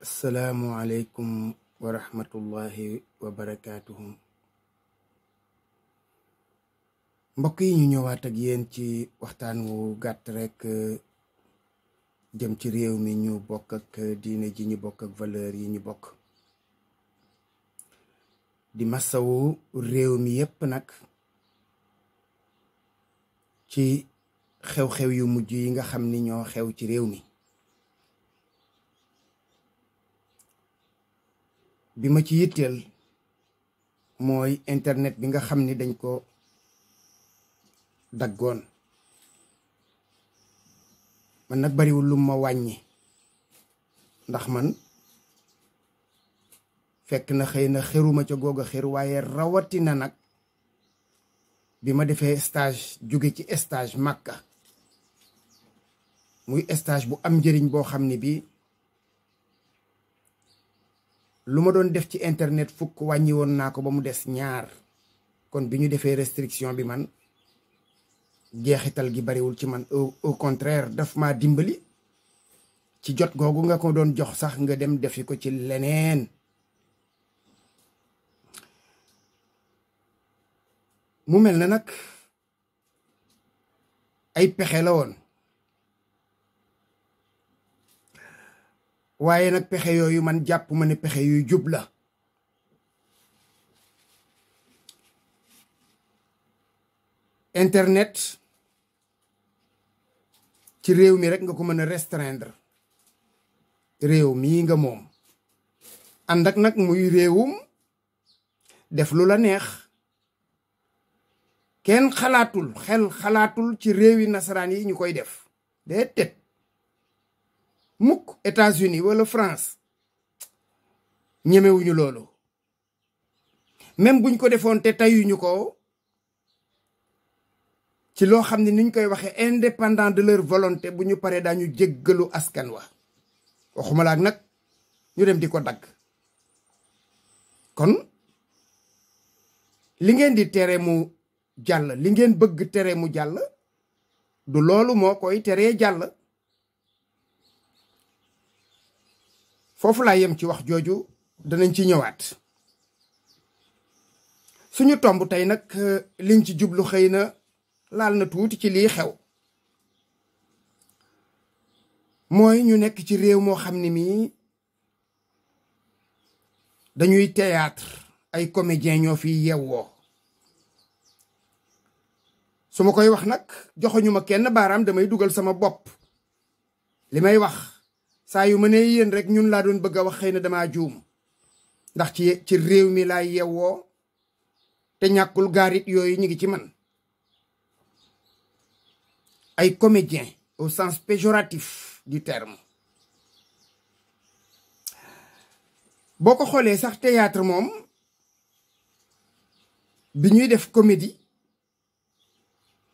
asalaamualeykum wa rahmatullahi wa mbokk yi ñu ñëwaat ak yéen ci waxtaan wu gàtt rekk jëm ci réew mi ñu bokk ak diine ji ñu bokk ak valeur yi ñu bokk di masawu réew mi yépp nag ci xew-xew yu mujj yi nga xam ni ñoo xew ci réew mi bi ma ci yitteel mooy internet bi nga xam ni dañ ko daggoon man nag bariwul lu ma wàññi ndax man fekk na xëy na xëruma ca googa xër waaye na nag bi ma defee stage jóge ci stage Makka muy stage bu am njëriñ boo xam ne bi lu ma doon def ci internet fukk wàññi woon naa ko ba mu des ñaar kon bi ñu defee restriction bi man jeexital gi bariwul ci man au contraire daf ma dimbali ci jot googu nga ko doon jox sax nga dem defi ko ci leneen mu mel na nag ay pexe la woon waaye nag pexe yooyu man jàpp ma ne pexe yuy jubla internet ci réew mi rek nga ko mën a restreindre réew mii nga moom ànd ak nag muy réewum def lu la neex kenn xalaatul xel xalaatul ci réewi nasaraan yi ñu koy def déedéet mukk États-Unis wala France ñemewuñu loolu même buñ ko defoon te tayuñu ko ci loo xam ne niñ koy waxee indépendant de leur volonté bu ñu paree daañu jëggalu askan wa waxuma la nag ñu dem di ko dagg kon li ngeen di tere mu jàll li ngeen bëgg tere mu jàll du loolu moo koy teree jàll foofu laa yem ci wax jooju danañ ci ñëwaat suñu tomb tey nag euh, liñ ci jublu xëy na laal na tuuti ci lii xew mooy ñu nekk ci réew moo xam ne mii dañuy théâtre ay comédien ñoo fi yewwoo su ma koy wax nag joxoñu ma kenn baaraam damay dugal sama bopp li may wax saa yu ma ne yéen rek ñun laa doon bëgg a wax xëy na damaa juum ndax ci ci réew mi laay yewwoo te ñàkkul gaarit yooyu ñu ngi ci man ay comédien au sens péjoratif du terme boo ko xoolee sax théâtre moom bi ñuy def comédie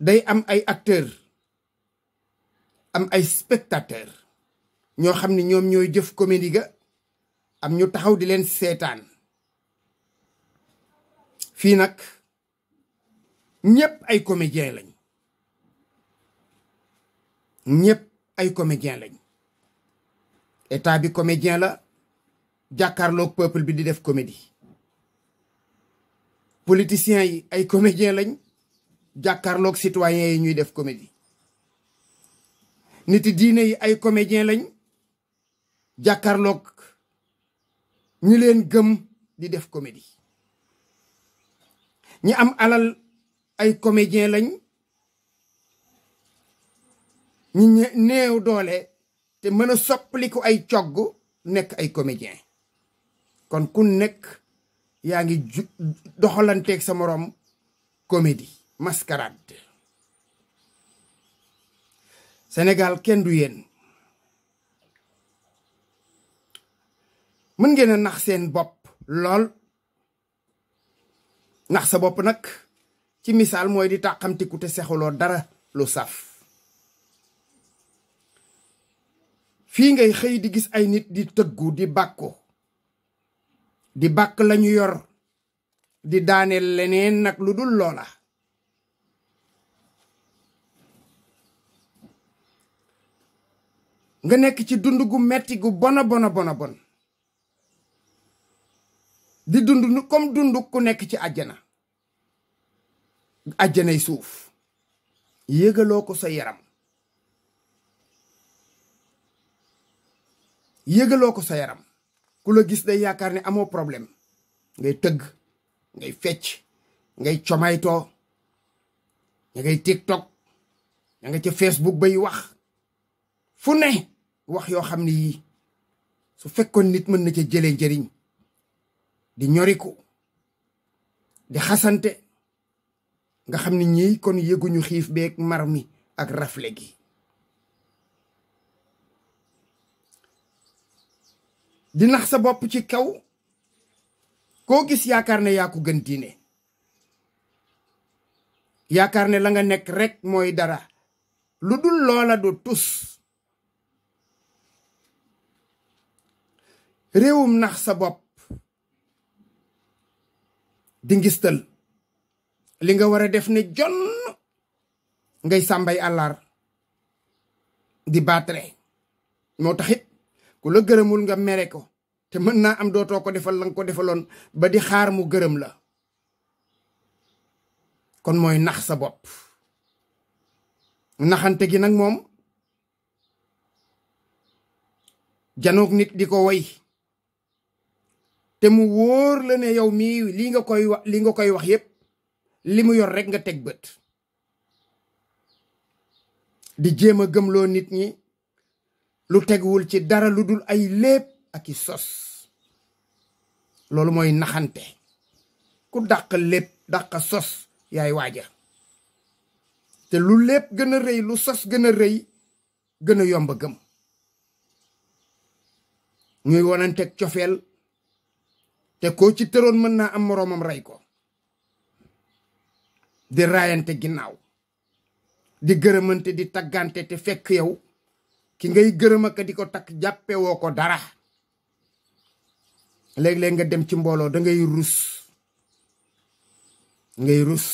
day am ay acteurs am ay spectateurs ñoo xam ne ñoom ñooy jëf comédie ga am ñu taxaw di leen seetaan fii nag ñëpp ay comédien lañ ñëpp ay comédien lañ état bi comédien la jàkkaarloog peuple bi di def comédie politiciens yi ay comédien lañ jàkkaarloog citoyens yi ñuy def comédie niti diine yi ay comédien lañ jàkkaarloog ñu leen gëm di def comédie ñi am alal ay comédien lañ ñi néew doole te mën a soppaliku ay cogg nekk ay comédien kon ku nekk yaa ngi doxalanteeg sa moroom comédie mascarade Sénégal kenn du yéen mën ngeen a nax seen bopp lool nax sa bopp nag ci misaal mooy di tàqamtiku te sexuloo dara lu saf fii ngay xëy di gis ay nit di tëggu di bàkku di bàkk lañu yor di daaneel leneen nag lu dul loola nga nekk ci dund gu metti gu bona bona bona bon di dund comme dund ku nekk ci àjjana yu suuf yëgaloo ko sa yaram yëgaloo ko sa yaram ku la gis day yaakaar ne amoo problème ngay tëgg ngay fecc ngay comaytoo ña ngay tiktok ña nga ca facebook bay wax fu ne wax yoo xam ne yii su fekkoon nit mën na ca jëlee njëriñ di ñoriku di xasante nga xam ni ñii kon yëguñu xiif beeg mar mi ak rafle gi di nax sa bopp ci kaw koo gis yaakaar ne yaa ko gën diine yaakaar ne la nga nekk rek mooy dara lu dul loola du tus réewum nax sa bopp di ngistal li nga war a def ne jonn ngay sàmbay àllar di baatre moo taxit ku la gërëmul nga mere ko te mën naa am dootoo ko defal la nga ko defaloon ba di xaar mu gërëm la kon mooy nax sa bopp naxante gi nag moom janoog nit di ko woy te mu wóor la ne yow mii li nga koy wax li nga koy wax yépp li mu yor rekk nga teg bët di jéem a gëmloo nit ñi lu tegwul ci dara lu dul ay lépp ak i sos loolu mooy naxante ku dàq daq dàq sos yaay waaja te lu lépp gën a rëy lu sos gën a rëy gën a yomb a gëm ñuy wonanteeg cofeel te ko ci tëroon mën naa am moroomam rey ko di raayante ginnaaw di gërëmante di taggante te fekk yow ki ngay gërëm ak di ko takk jàppewoo ko dara léeg-léeg nga dem ci mbooloo da ngay rus ngay rus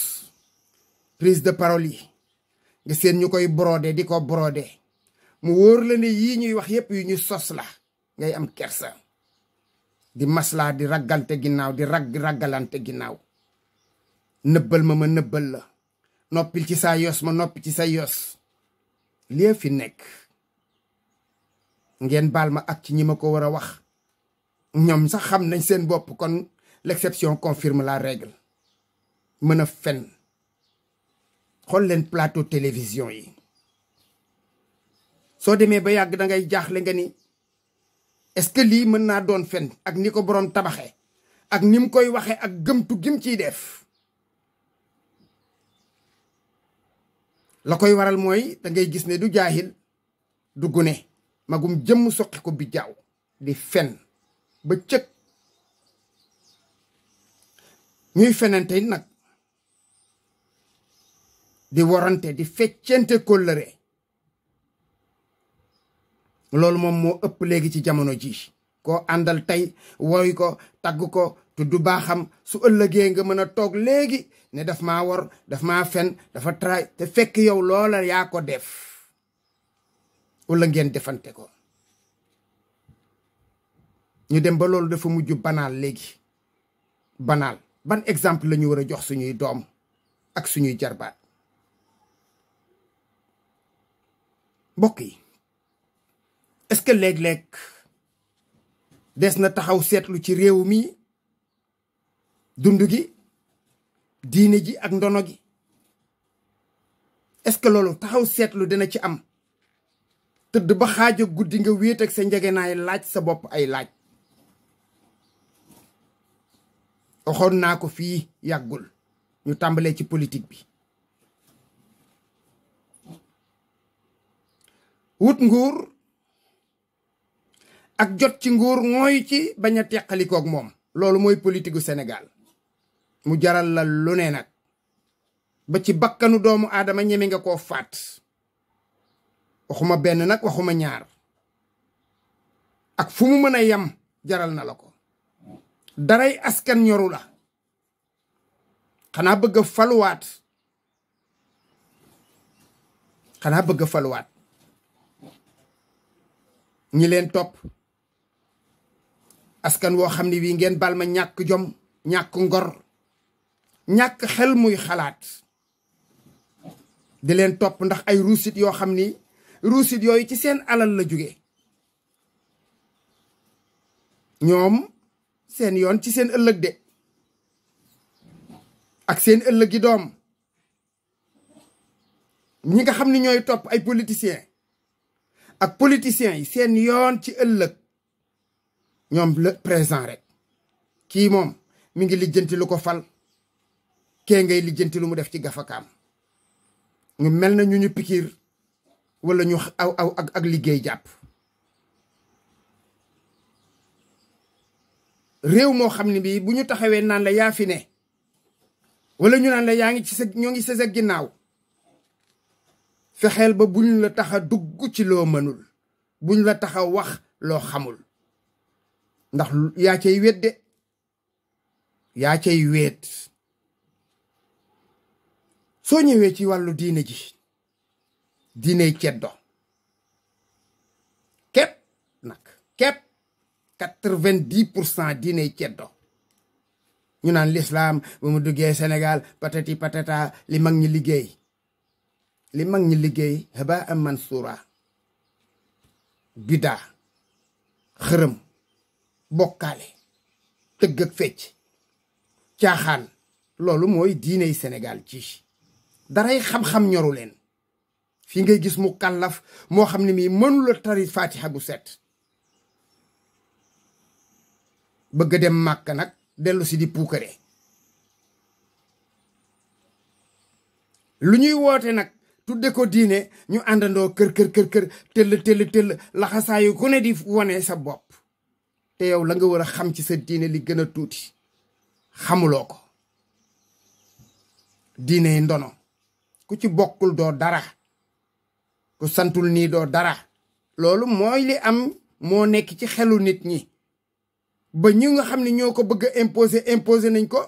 prise de parole yi nga séen ñu koy brodé di ko borode mu wóor la ne yii ñuy wax yépp yu ñu sos la ngay am kersa di maslaa di raggante ginnaaw di rag raggalante ginnaaw nëbbal ma ma nëbbal la noppil ci saa yos ma noppi ci sa yos lii fi nekk ngeen baal ma ak ci ñi ma ko war a wax ñoom sax xam nañ seen bopp kon l'exception confirme la règle mën a fen xool leen plateau télévision yi soo demee ba yàgg da jaaxle nga ni est-ce que lii mën naa doon fen ak ni ko boroom tabaxee ak ni koy waxee ak gëmtu gim ciy def la koy waral mooy dangay gis ne du jaahil du gune magum jëmm soqi ko bi di fen ba cëkk ñuy fenante nag di warante di feccente kóllëre loolu moom moo ëpp léegi ci jamono ji koo àndal tey woy ko tagg ko tudd baaxam su ëllëgee nga mën a toog léegi ne daf ma war daf maa fen dafa tray te fekk yow loola yaa ko def wala ngeen defante ko ñu dem ba loolu dafa mujj banaal léegi banaal ban exemple lañu ñu war a jox suñuy doom ak suñuy jarbaat mbokk est-ce que léeg-léeg des na taxaw seetlu ci réew mi dund gi diine ji ak ndono gi est-ce loolu taxaw seetlu dina ci am tëdd ba xaaja guddi nga wéet ak sa njegenaay laaj sa bopp ay laaj waxoon naa ko fii yàggul ñu tàmbalee ci politik bi wut nguur ak jot ci nguur mooy ci bañ a teqalikook moom loolu mooy politique gu Sénégal mu jaral la lu ne nag ba ci bakkanu doomu aadama ñeme nga koo faat waxuma benn nag waxuma ñaar ak fumu mën a yem jaral na la ko daray askan ñoru la xanaa bëgg a faluwaat xanaa bëgg a leen topp askan woo xam ne wii ngeen bal ma ñàkk jom ñàkk ngor ñàkk xel muy xalaat di leen topp ndax ay rusit yoo xam ni ruusit yooyu ci seen alal la jóge ñoom seen yoon ci seen ëllëg de ak seen ëllëg gi doom ñi nga xam ni ñooy topp ay politiciens ak politiciens yi seen yoon ci ëllëg ñoom le présent rek kii moom mi ngi lijjanti lu ko fal kee ngay lijjanti lu mu def ci gafakaam ñu mel na ñu ñu pikiir wala ñu ak liggéey jàpp réew moo xam ne bii bu ñu taxawee naan la yaa fi ne walla ñu naan la yaa ngi ci sa ñoo ngi sa sa ginnaaw fexeel ba buñ la tax a dugg ci loo mënul buñ la tax wax loo xamul ndax yaa cay de yaa cay wéet soo ñëwee ci wàllu diine ji diiney ceddo képp nag képp quatre-vingt-dix pour cent diiney ceddo ñu naan lislaam ba mu duggee Sénégal patati patata li mag ñi liggéey li mag ñi liggéey haba am mansuura bida xërëm bokkaale tëgg ak fecc caaxaan loolu mooy diiney senegal ci daray xam-xam ñoru leen fii ngay gis mu kàllaf moo xam ne mii mënula tari faatiha bu set bëgg dem màkk nag dellu si di puukare lu ñuy woote nag tudde ko diine ñu àndandoo kër kër kër kër tëll tëll tëll laxasaayu ku ne di wone sa bopp te yow la nga war a xam ci sa diine li gën a tuuti xamuloo ko diine yi ndono ku ci bokkul doo dara ku santul nii doo dara loolu mooy li am moo nekk ci xelu nit ñi ba ñi nga xam ni ñoo ko bëgg a imposer imposer nañ ko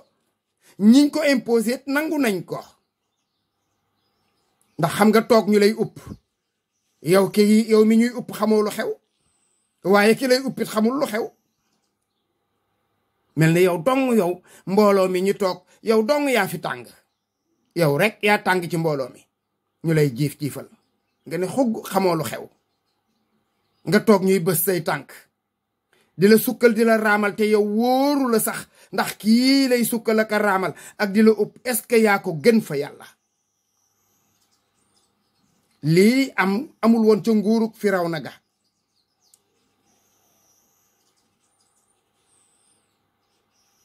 ñiñ ko imposer nangu nañ ko ndax xam nga toog ñu lay upp yow ki yow mi ñuy upp xamoo lu xew waaye ki lay uppit xamul lu xew mel na yow dong yow mbooloo mi ñu toog yow dong yaa fi tàng yow rek yaa tàng ci mbooloo mi ñu lay jiif jiifal nga ne xugg xamoo lu xew nga toog ñuy bës say tànk di la sukkal di la raamal te yow wóoru la sax ndax kii lay sukkal ak a raamal ak di la upp est-ce que yaa ko gën fa yàlla lii am amul woon ca nguurug firaw na ga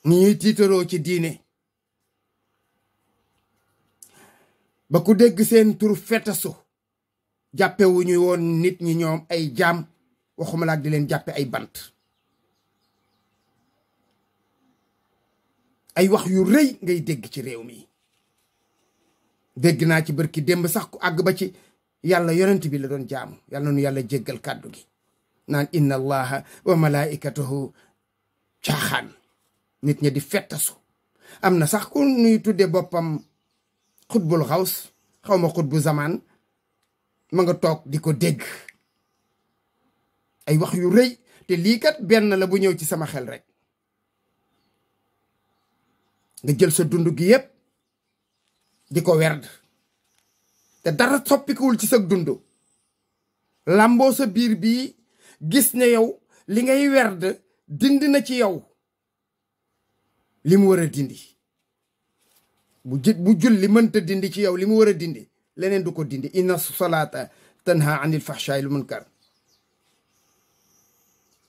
ni ñuy ci diine ba ku dégg seen tur fetasu jàppe wu woon nit ñi ñoom ay jaam waxuma laak di leen jàppe ay bant ay wax yu rëy ngay dégg ci réew mi dégg naa ci barki demb sax ku àgg ba ci yàlla yonent bi la doon jaamu yàlla nu yàlla jéggal kàddu gi naan inna allaha wa malaikatahu caaxaan nit ñi di fettasu am na sax ku nuy tudde boppam xutbul xaws xaw ma xut bu zamaan mu nga toog di ko dégg ay wax yu rëy te lii kat benn la bu ñëw ci sama xel rek nga jël sa dund gi yépp di ko werd te dara soppikuwul ci sa dund làmboo sa biir bi gis ne yow li ngay werd dindi na ci yow li mu war a dindi bu jë bu julli mënta dindi ci yow li mu war a dindi leneen du ko dindi inna salaata tanha anil fahshaay lu munkar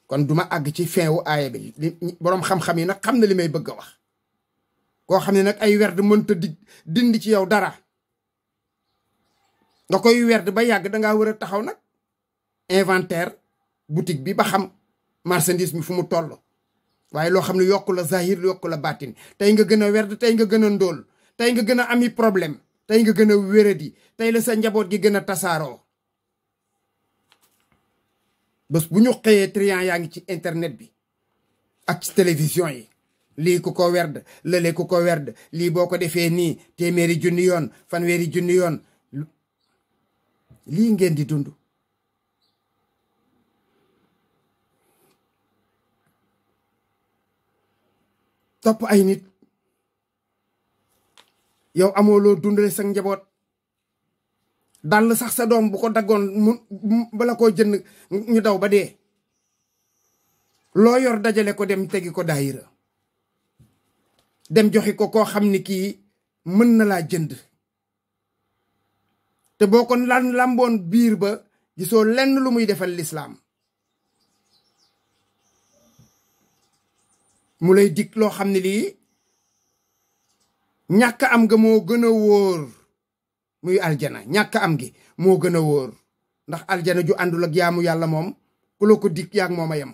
kon duma àgg ci fin wu aaye bi li boroom xam-xam yi nag xam na li may bëgg a wax koo xam ne nag ay werd mënta di dindi ci yow dara nga koy werd ba yàgg dangaa war a taxaw nag inventaire boutique bi ba xam marchandise mi fu mu toll waaye loo xam ne yokku la zahir yokku la baatin tey nga gën a werd tey nga gën a ndóol tey nga gën a ami problème tey nga gën a wéradi tey la sa njaboot gi gën a tasaaroo bés bu ñu xëyee triant yaa ngi ci internet bi ak télévision yi lii ku ko werd lële ku ko werd lii boo ko defee nii téeméeri junni yoon fanweeri junni yoon lii ngeen di dund topp ay nit yow amoo loo dundale sa njaboot dal sax sa doom bu ko daggoon mu bala koo jënd ñu daw ba dee loo yor dajale ko dem tegi ko daayira dem joxi ko koo xam ni kii mën na laa jënd te boo ko lan làmboon biir ba gisoo lenn lu muy defal lislaam mu lay dig loo xam ne lii ñàkk am nga moo gën a wóor muy aljana ñàkk am gi moo gën a wóor ndax aljana ju àndul ak yaamu yàlla moom ku la ko dig yaag mooma yem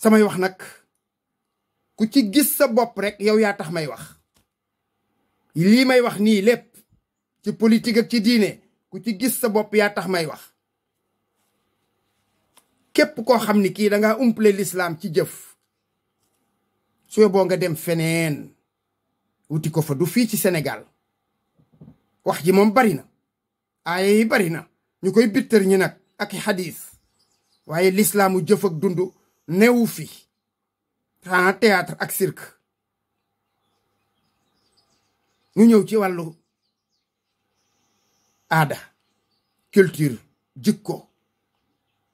samay wax nag ku ci gis sa bopp rek yow yaa tax may wax lii may wax nii lépp ci politique ak ci diine ku ci gis sa bopp yaa tax may wax képp koo xam ni kii danga umpale lislaam ci jëf su boo nga dem feneen wuti ko fa du fii ci Sénégal wax ji moom bari na aaya bari na ñu koy bittër ñi nag ak xadiis waaye lislaamu jëf ak dund newu fi xanaa théâtre ak sirk ñu ñëw ci wàllu aada culture jikko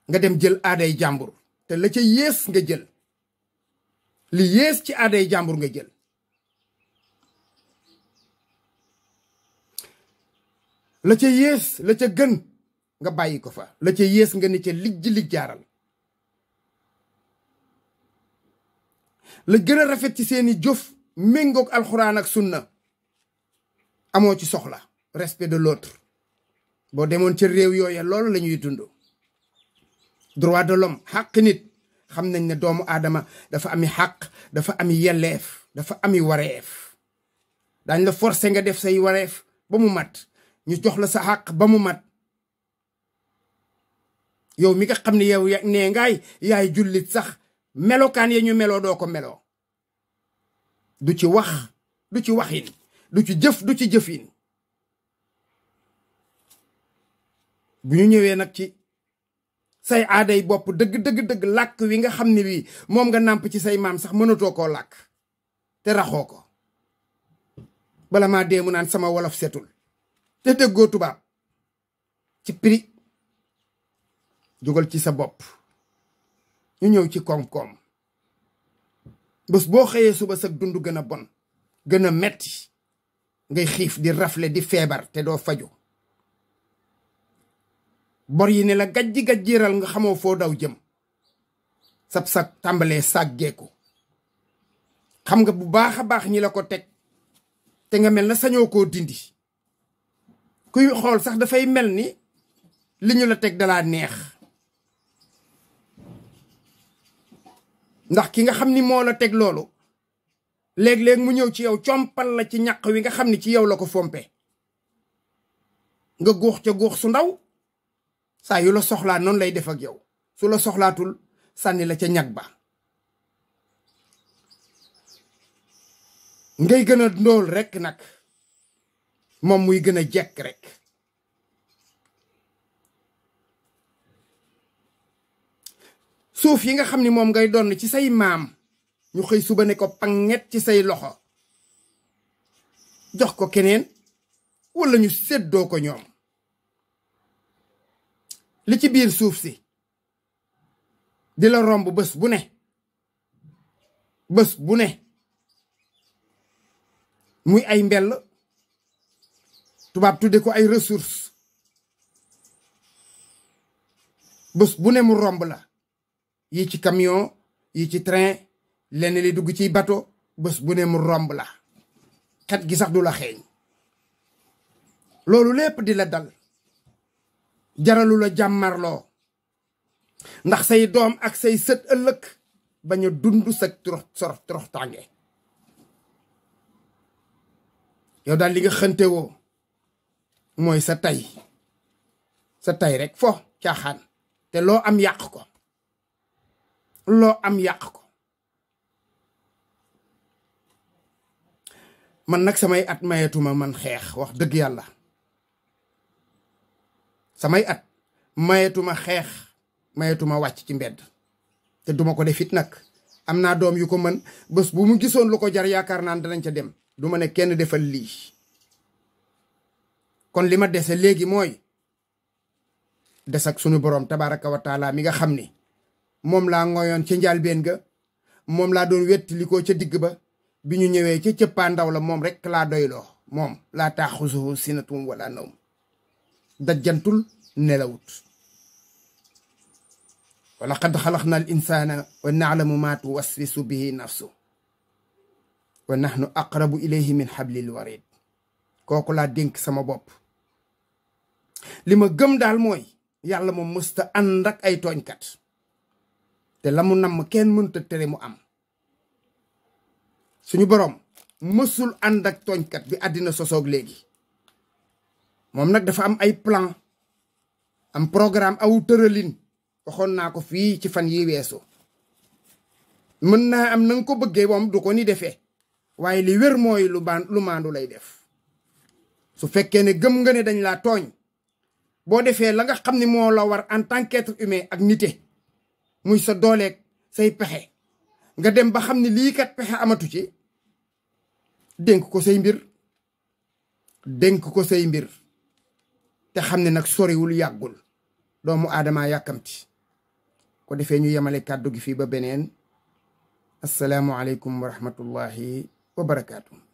nga dem jël aaday jàmbur te la ca yées nga jël li yées ci aaday jàmbur nga jël la ca yées la ca gën nga bàyyi ko fa la ca yées nga ni ca lijj lijj jaaral la gën a rafet ci seeni jof méngoog alxuraan ak sunna amoo ci soxla respect de l'autre boo demoon ca réew yooya loolu la ñuy dund droit de l'homme xàq nit xam nañ ne doomu aadama dafa ami xàq dafa ami yelleef dafa ami wareef daañ la forcer nga def say wareef ba mu mat ñu jox la sa xàq ba mu mat yow mi nga xam ne yow nee ngaay yaay jullit sax melokaan ya ñu meloo doo ko melo du ci wax du ci waxin du ci jëf du ci jëfin bu ñu ñëwee nag ci say aaday bopp dëgg dëgg dëgg làkk wi nga xam ne wi moom nga nàmp ci say maam sax mënatoo koo làkk te raxoo ko bala maa dee mu naan sama wolof setul te dëggoo tubaab ci prix jógal ci sa bopp ñu ñëw ci koom-koom bés boo xëyee suba sa dund gën a bon gën a metti ngay xiif di rafle di feebar te doo faju bor yi ne la gajji gajjiral nga xamoo foo daw jëm sab sa tàmbalee sàggeeku xam nga bu baax a baax ñi la ko teg te nga mel na sañoo koo dindi kuy xool sax dafay mel ni li ñu la teg dalaa neex ndax ki nga xam ni moo la teg loolu léeg-léeg mu ñëw ci yow compal la ci ñaq wi nga xam ni ci yow la ko fompe nga guux ca guux su ndaw saa yu la soxlaa noonu lay def ak yow su la soxlaatul sànni la ca ñag ba ngay gën a ndóol rekk nag moom muy gën a jekk rekk suuf yi nga xam ni moom ngay donn ci say maam ñu xëy suba ne ko paŋet ci say loxo jox ko keneen walla ñu seddoo ko ñoom li ci biir suuf si dila romb bés bu ne bés bu ne muy ay mbell tubaab tudde ko ay ressources bés bu ne mu romb la yi ci camion yi ci train lenn li dugg ciy bateau bés bu ne mu romb la xet gi sax du la xeeñ loolu lépp di la dal jaralu la jàmmarloo ndax say doom ak say sët ëllëg bañ a dund sa torox sorox torox yow daal li nga xënte woo mooy sa tay sa tay rek fo caaxaan te loo am yàq ko loo am yàq ko man nag samay at mayetuma man xeex wax dëgg yàlla samay at mayetuma xeex mayetuma wàcc ci mbedd te duma ko def it nag am naa doom yu ko mën bés bu mu gisoon lu ko jar yaakaar naan danañ ca dem du ma ne kenn defal lii kon li ma dese léegi mooy des ak sunu boroom tabaraka wa taala mi nga xam ni moom laa ngoyoon ca njaalbeen ga moom laa doon ko ca digg ba bi ñu ñëwee ca cëppaa ndaw la moom rek laa doyloo moom laa taaxusuhu sinatun wala nawm dajjantul nelawut wa laqad xalaqna al insana wa naalamu ma tuwaswisu bihi nafsu wa nahnu aqrabu ilayhi min hablil warid kooku laa dénk sama bopp li ma gëm daal mooy yàlla moom mësta ànd ak ay tooñkat te la mu nam kenn mënta tere mu am suñu boroom mësul ànd ak tooñkat bi àddina sosoog léegi moom nag dafa am ay plan am programme aw tëralin waxoon naa ko fii ci fan yi weesu mën naa am na ko bëggee moom du ko ni defee waaye li wér mooy lu baan lu maandu lay def su fekkee ne gëm nga ne dañ laa tooñ boo defee la nga xam ni moo la war en tant umais ak nite muy sa dooleeg say pexe nga dem ba xam ne lii kat pexe amatu ci dénk ko say mbir dénk ko say mbir te xam ne nag sorewul yàggul doomu aadama yàkkamti ko defee ñu yemale kàddu gi fii ba beneen asalaamualeykum wa rahmatullahi wa